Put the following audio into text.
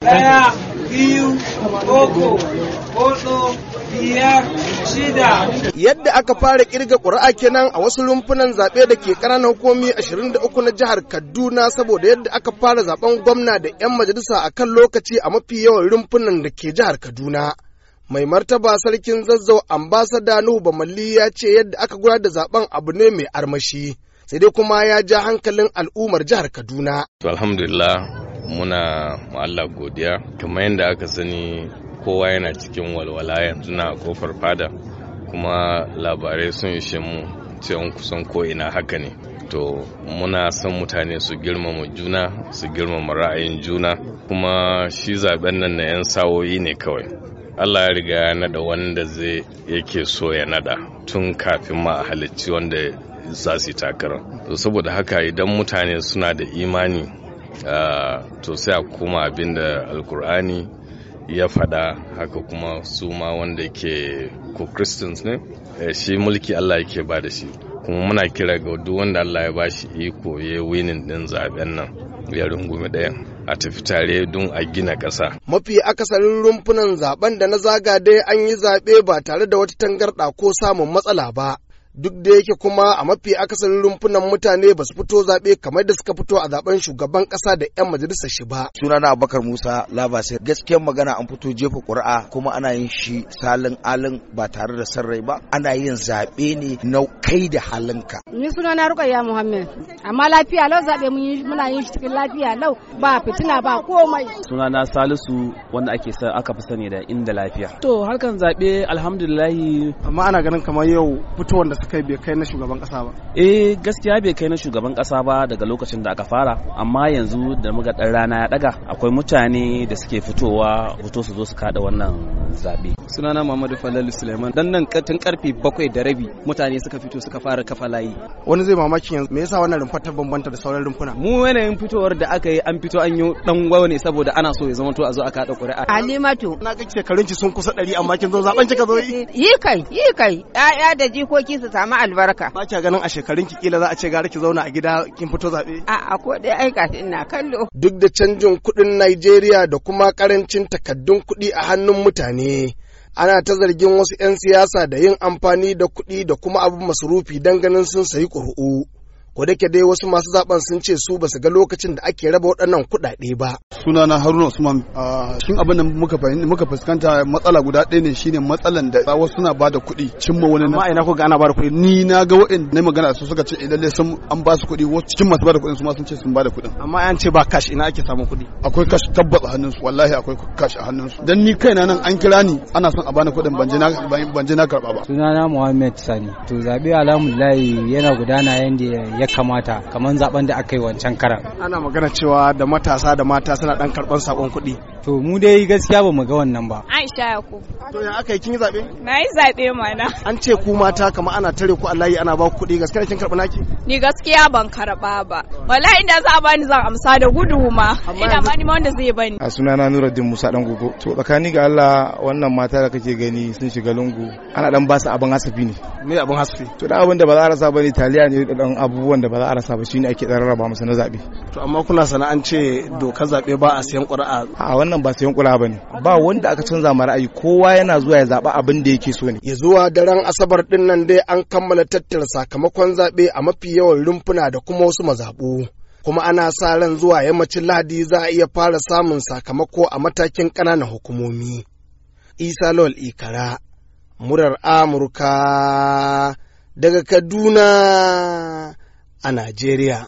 Daya, biyu, uku, hudu, biyar, shida. Yadda aka fara kirga ƙuri'a kenan a wasu rumfunan zaɓe da ke ƙananan hukumi 23 na jihar Kaduna saboda yadda aka fara zaɓen gwamna da 'yan majalisa a kan lokaci a mafi yawan rumfunan da ke jihar Kaduna. Mai martaba sarkin zazzau ambasada Nuhu Bamalli ya ce yadda aka gudanar da zaben abu ne mai armashi. Sai dai kuma ya ja hankalin al'ummar jihar Kaduna. Alhamdulillah muna Allah godiya kamar yadda aka sani kowa yana cikin walwala yanzu na kofar fada kuma labarai sun ishe mu cewa kusan ko'ina haka ne to muna son mutane su girmama juna su girmama ra'ayin juna kuma shi zaben nan na 'yan sawoyi ne kawai Allah ya riga ya nada wanda zai yake so ya nada tun kafin ma a halicci wanda za su yi takarar saboda haka idan mutane suna da imani Ah, to sai a kuma abin da alkur'ani ya faɗa haka kuma su ma wanda ke ko christians ne eh, shi mulki allah yake ba da shi kuma muna kira ga duk wanda allah ya bashi iko ya winin din zaben nan ya rungumi ɗayan a tafi tare don a gina ƙasa. Mafi akasarin rumfunan zaben da na zaga dai an yi zaɓe ba tare da wata tangarɗa ko samun matsala ba. duk da yake kuma a mafi akasarin rumfunan mutane ba su fito zaɓe kamar da suka fito a zaben shugaban ƙasa da 'yan majalisar shi ba. Sunana Abubakar Musa Labasir gaskiyar magana an fito jefa ƙuri'a kuma ana yin shi salin alin ba tare da sarrai ba ana yin zaɓe ne na kai da halinka. Ni sunana Rukayya Muhammad amma lafiya lau zaɓe muna yin shi cikin lafiya lau ba fitina ba komai. Sunana Salisu wanda ake aka fi sani da inda lafiya. To harkan zaɓe alhamdulillahi amma ana ganin kamar yau fitowar da kai bai kai na shugaban kasa ba eh gaskiya bai kai na shugaban kasa ba daga lokacin da aka fara amma yanzu da muka dan rana ya daga akwai mutane da suke fitowa fito su zo su kada wannan zaɓe. sunana Muhammadu Falalu Suleiman dan nan tun karfe bakwai da rabi mutane suka fito suka fara kafa layi wani zai mamakin yanzu me yasa wannan rumfa ta bambanta da sauran rumfuna mu yanayin fitowar da aka yi an fito an yi dan gwawa ne saboda ana so ya zama to a zo a kada ƙuri'a Halimatu na ga shekarun ki sun kusa ɗari amma kin zo zaben ka zo yi yi kai yi kai ƴaƴa da jikoki su samu albarka ba kya ganin a shekarun ki kila za a ce gara ki zauna a gida kin fito zabe a a ko dai ai gashi ina kallo duk da canjin kuɗin Najeriya da kuma karancin takaddun kuɗi a hannun mutane ne ana ta zargin wasu 'yan siyasa da yin amfani da kuɗi da kuma abin masurufi don ganin sun sayi ƙuri'u. ko da dai wasu masu zaben sun ce su basu ga lokacin da ake raba waɗannan kuɗaɗe ba. Sunana Haruna Usman shin abin da muka muka fuskanta matsala guda ɗaya ne shine matsalan da wasu suna bada kuɗi cimma wani na. Ma'aina ko ga ana bada kuɗi. Ni na ga wa'in na magana su suka ce eh, lalle sun an ba su kuɗi wasu cikin masu bada kuɗin su ma sun ce sun bada kuɗin. Amma an ce ba cash ina ake samun kuɗi. Akwai cash tabbas a hannun su wallahi akwai cash a hannun su. Dan ni kaina nan an kira ni ana son a bani kuɗin ban je na ban karɓa ba. Sunana Muhammad Sani to zabe alhamdulillah yana gudana yanda ya kamata kamar zaben da aka yi wancan karan ana magana cewa da matasa da mata suna dan karban sakon kuɗi to mu dai gaskiya ba mu ga wannan ba ta ko. To ya aka yi kin yi zaɓe? Na yi zaɓe mana. An ce ku mata kamar ana tare ku Allah ana ba ku kuɗi gaskiya kin karɓi naki? Ni gaskiya ban karɓa ba. Wallahi inda za a bani zan amsa da gudu ma. Ina ma ni ma wanda zai bani. A sunana Nuruddin Musa dan gogo. To tsakani ga Allah wannan mata da kake gani sun shiga lungu ana dan ba su abin hasafi ne. Me abin hasafi? To da abin da ba za a rasa ba ne taliya ne da dan abubuwan da ba za a rasa ba shine ake dan rarraba musu na zaɓe. To amma kuna sana'an ce dokar zaɓe ba a siyan ƙura'a. A wannan ba siyan ƙura'a bane. Ba wanda aka canza mara ra'ayi kowa yana zuwa ya zaɓi abin da yake so ne. Ya zuwa daren Asabar ɗin nan dai an kammala tattara sakamakon zaɓe a mafi yawan rumfuna da kuma wasu mazaɓu. Kuma ana sa ran zuwa yammacin Lahadi za a iya fara samun sakamako a matakin ƙananan hukumomi. Isa Lol Ikara, murar Amurka daga Kaduna a Najeriya.